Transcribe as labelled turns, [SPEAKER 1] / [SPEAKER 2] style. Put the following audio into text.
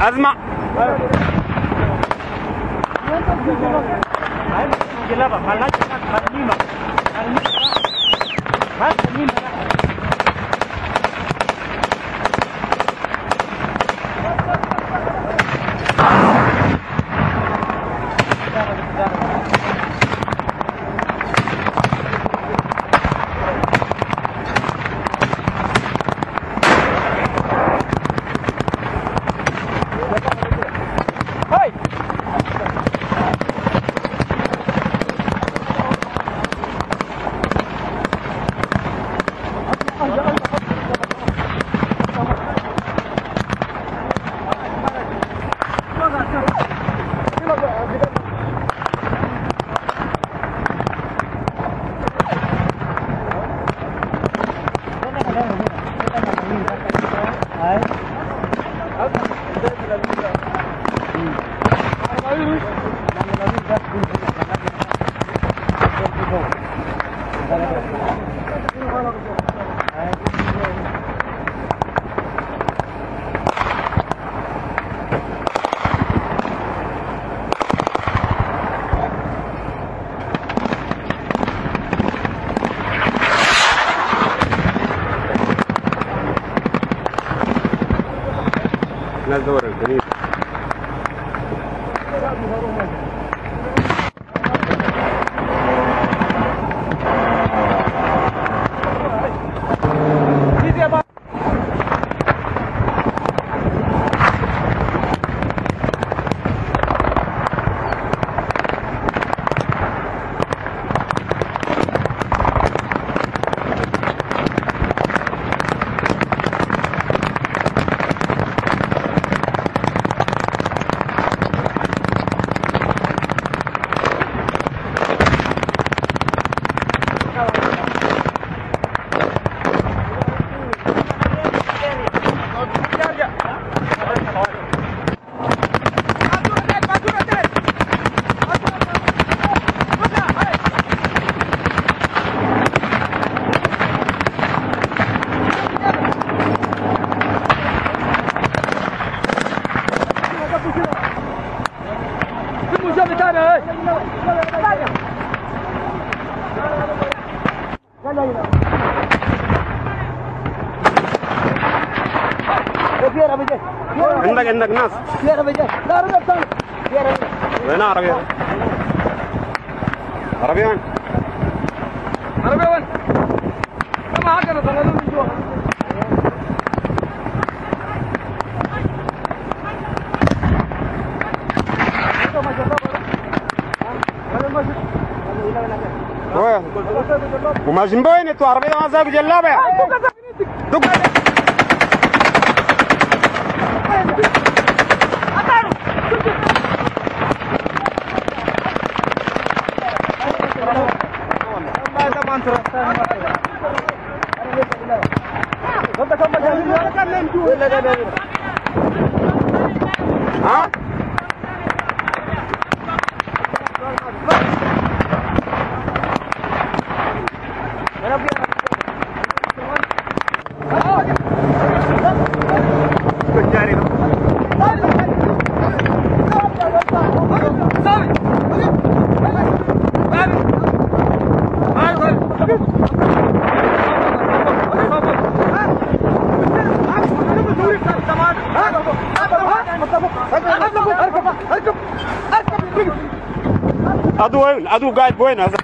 [SPEAKER 1] أزمة خلينا خلينا خلينا на дорого. ثابت انا عندك عندك ناس لا عربية ثانية وين عربية؟ عربية وين؟ عربية وين؟ ما عندنا ومجنبوين تو عربيه ما زاب جلابه دق Thank you. Aduan, adu guide buenas.